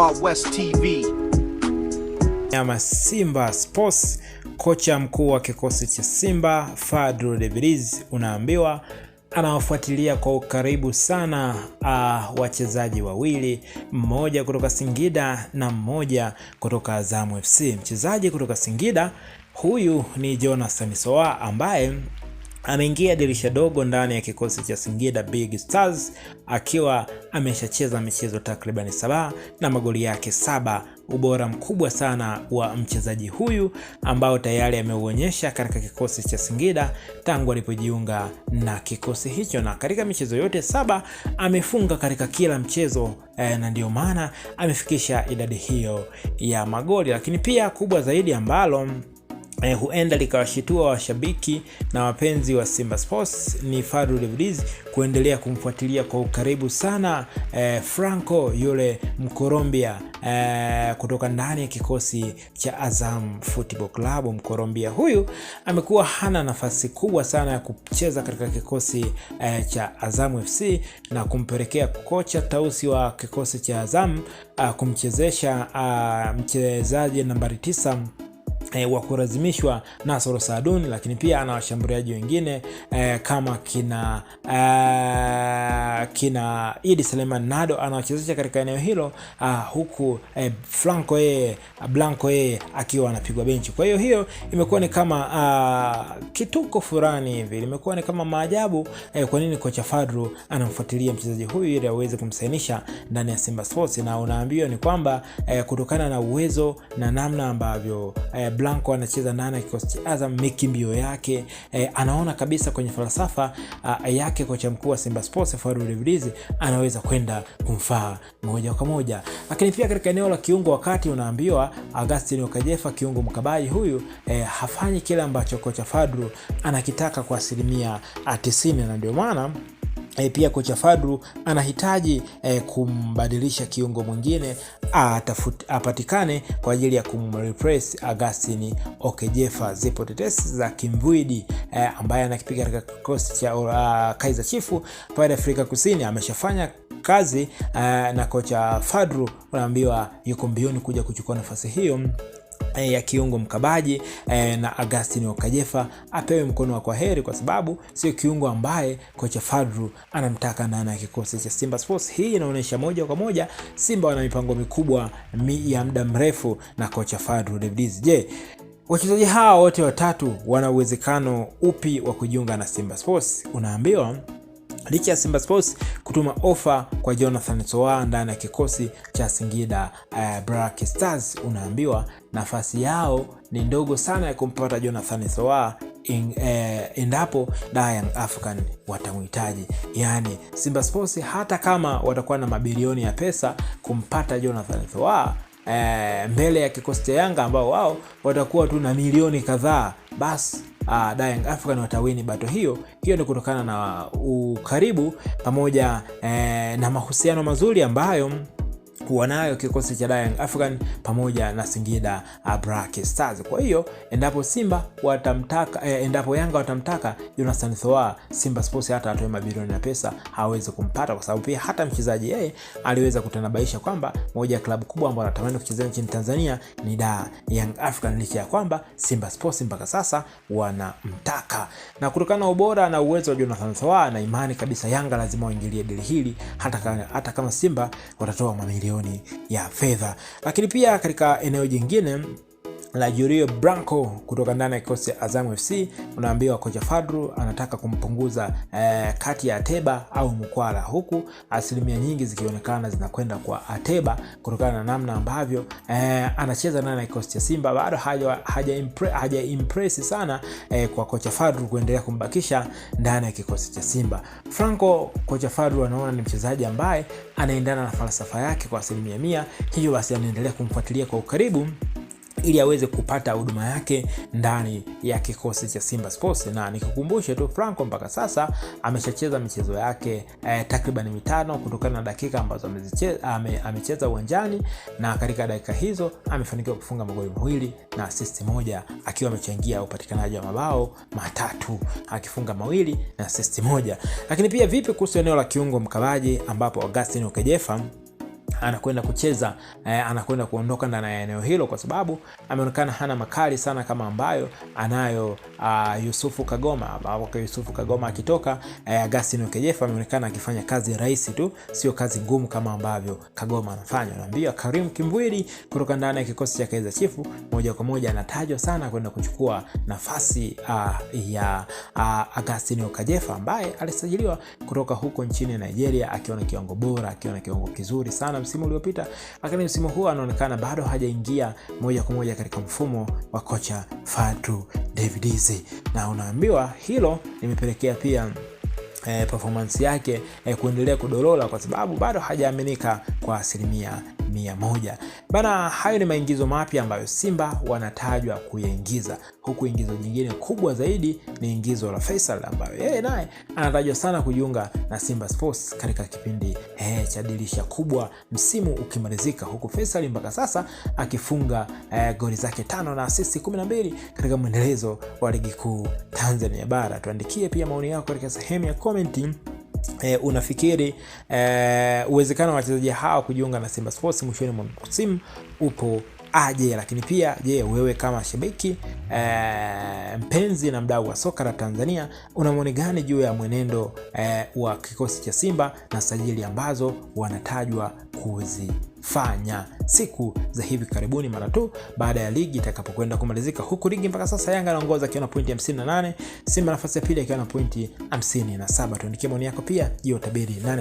Wild West TV. Nyama Simba Sports, kocha mkuu wa kikosi cha Simba Fadlu Davids unaambiwa anawafuatilia kwa ukaribu sana uh, wachezaji wawili, mmoja kutoka Singida na mmoja kutoka Azam FC. Mchezaji kutoka Singida huyu ni Jonas Amisoa ambaye ameingia dirisha dogo ndani ya kikosi cha Singida Big Stars akiwa ameshacheza michezo takriban saba na magoli yake saba, ubora mkubwa sana wa mchezaji huyu ambao tayari ameuonyesha katika kikosi cha Singida tangu alipojiunga na kikosi hicho, na katika michezo yote saba amefunga katika kila mchezo eh, na ndio maana amefikisha idadi hiyo ya magoli, lakini pia kubwa zaidi ambalo eh, huenda likawashitua washabiki na wapenzi wa Simba Sports ni Fadlu Davids kuendelea kumfuatilia kwa ukaribu sana eh, Franco yule Mkolombia eh, kutoka ndani ya kikosi cha Azam Football Club. Mkolombia huyu amekuwa hana nafasi kubwa sana ya kucheza katika kikosi eh, cha Azam FC na kumpelekea kocha tausi wa kikosi cha Azam ah, kumchezesha ah, mchezaji nambari tisa E, wa kulazimishwa Nasoro Saduni, lakini pia ana washambuliaji wengine e, kama kina e, kina Idi Seleman Nado anawachezesha katika eneo hilo a, ah, huku e, Franco yeye Blanco yeye akiwa anapigwa benchi. Kwa hiyo hiyo imekuwa ni kama a, ah, kituko fulani hivi, imekuwa ni kama maajabu e, kwa nini kocha Fadru anamfuatilia mchezaji huyu ili aweze kumsainisha ndani ya Simba Sports, na unaambiwa ni kwamba e, kutokana na uwezo na namna ambavyo e, Blanco anacheza nane kikosi cha Azam, mikimbio yake e, anaona kabisa kwenye falsafa eh, yake kocha mkuu wa Simba Sports Fadlu anaweza kwenda kumfaa moja kwa moja. Lakini pia katika eneo la kiungo, wakati unaambiwa Augustine Okajefa kiungo mkabaji huyu e, hafanyi kile ambacho kocha fadru anakitaka kwa asilimia 90 na ndio maana E, pia kocha fadru anahitaji e, kumbadilisha kiungo mwingine apatikane kwa ajili ya kumreplace agustin Okejefa. Zipo tetesi za Kimvuidi e, eh, ambaye anakipiga katika kikosi cha uh, Kaizer Chiefs pale Afrika Kusini ameshafanya kazi uh, na kocha fadru unaambiwa yuko mbioni kuja kuchukua nafasi hiyo Eh, ya kiungo mkabaji eh, na Agustin Okajefa apewe mkono wa kwaheri, kwa sababu sio kiungo ambaye kocha Fadru anamtaka ndani ya kikosi cha Simba Sports. Hii inaonyesha moja kwa moja Simba wana mipango mikubwa mi ya muda mrefu na kocha Fadru Davids. Je, wachezaji hawa wote watatu wana uwezekano upi wa kujiunga na Simba Sports? Unaambiwa licha ya Simba Sports kutuma ofa kwa Jonathan Soa ndani ya kikosi cha Singida uh, Black Stars, unaambiwa nafasi yao ni ndogo sana ya kumpata Jonathan Soa eh, endapo eh, Young African watamhitaji. yani Simba Sports hata kama watakuwa na mabilioni ya pesa kumpata Jonathan Soa eh, mbele ya kikosi cha Yanga ambao wao watakuwa tu na milioni kadhaa basi uh, Young African watawini bato hiyo. Hiyo ni kutokana na ukaribu pamoja eh, na mahusiano mazuri ambayo kuwa nayo kikosi cha Young African pamoja na Singida uh, Black Stars. Kwa hiyo endapo Simba watamtaka eh, endapo Yanga watamtaka Jonathan Tsoa, Simba Sports hata atoe mabilioni ya pesa hawezi kumpata, kwa sababu pia hata mchezaji yeye aliweza kutanabaisha kwamba moja ya klabu kubwa ambayo anatamani kuchezea nchini Tanzania ni da Young African, licha ya kwamba Simba Sports mpaka sasa wanamtaka. Na kutokana na ubora na uwezo wa Jonathan Tsoa na imani kabisa Yanga lazima waingilie deal hili hata, hata kama Simba watatoa mamilioni mabilioni ya fedha. Lakini pia katika eneo jingine la Julio Branco kutoka ndani ya kikosi cha Azam FC. Unaambiwa kocha Fadru anataka kumpunguza eh, kati ya Ateba au Mkwala, huku asilimia nyingi zikionekana zinakwenda kwa Ateba kutokana na namna ambavyo eh, anacheza ndani ya kikosi cha Simba. Bado haja, haja, impre, haja impress sana eh, kwa kocha Fadru kuendelea kumbakisha ndani ya kikosi cha Simba. Franco, kocha Fadru anaona ni mchezaji ambaye anaendana na falsafa yake kwa asilimia mia, hivyo basi anaendelea kumfuatilia kwa ukaribu ili aweze kupata huduma yake ndani ya kikosi cha Simba Sports. Na nikukumbushe tu Franco mpaka sasa ameshacheza michezo yake eh, takriban mitano kutokana na dakika ambazo amecheza uwanjani, na katika dakika hizo amefanikiwa kufunga magoli mawili na assist moja, akiwa amechangia upatikanaji wa mabao matatu, akifunga mawili na assist moja. Lakini pia vipi kuhusu eneo la kiungo mkabaji ambapo Augustine Okejefa anakwenda kucheza eh, anakwenda kuondoka ndani ya eneo hilo, kwa sababu ameonekana hana makali sana kama ambayo anayo uh, Yusufu Kagoma, ambapo Yusufu Kagoma akitoka eh, Augustino Kejefa ameonekana akifanya kazi rahisi tu, sio kazi ngumu kama ambavyo Kagoma anafanya. Naambia Karim Kimbwili kutoka ndani ya kikosi cha Kaizer Chiefs moja kwa moja anatajwa sana kwenda kuchukua nafasi uh, ya uh, ah, Augustino Kejefa ambaye alisajiliwa kutoka huko nchini Nigeria, akiona kiwango bora, akiona kiwango kizuri sana msimu uliopita, lakini msimu huu anaonekana bado hajaingia moja kwa moja katika mfumo wa kocha fatu Davids, na unaambiwa hilo limepelekea pia E, performance yake e, kuendelea kudorola kwa sababu bado hajaaminika kwa asilimia mia moja. Bana, hayo ni maingizo mapya ambayo Simba wanatajwa kuyaingiza, huku ingizo jingine kubwa zaidi ni ingizo la Faisal ambayo yeye naye anatajwa sana kujiunga na Simba Sports katika kipindi eh, cha dirisha kubwa msimu ukimalizika, huku Faisal mpaka sasa akifunga eh, goli zake tano na asisti mbili katika mwendelezo wa ligi kuu Tanzania Bara. Tuandikie pia maoni yako katika sehemu ya komenti. E, unafikiri e, uwezekano wa wachezaji hawa kujiunga na Simba Sports mwishoni mwa msimu upo aje? Lakini pia je, wewe kama shabiki e, mpenzi na mdau wa soka la Tanzania una maoni gani juu ya mwenendo e, wa kikosi cha Simba na sajili ambazo wanatajwa kuzi fanya siku za hivi karibuni, mara tu baada ya ligi itakapokwenda kumalizika. Huku ligi mpaka sasa Yanga anaongoza akiwa na pointi 58, Simba nafasi ya pili akiwa na pointi 57. Tuandikie maoni yako pia juu ya utabiri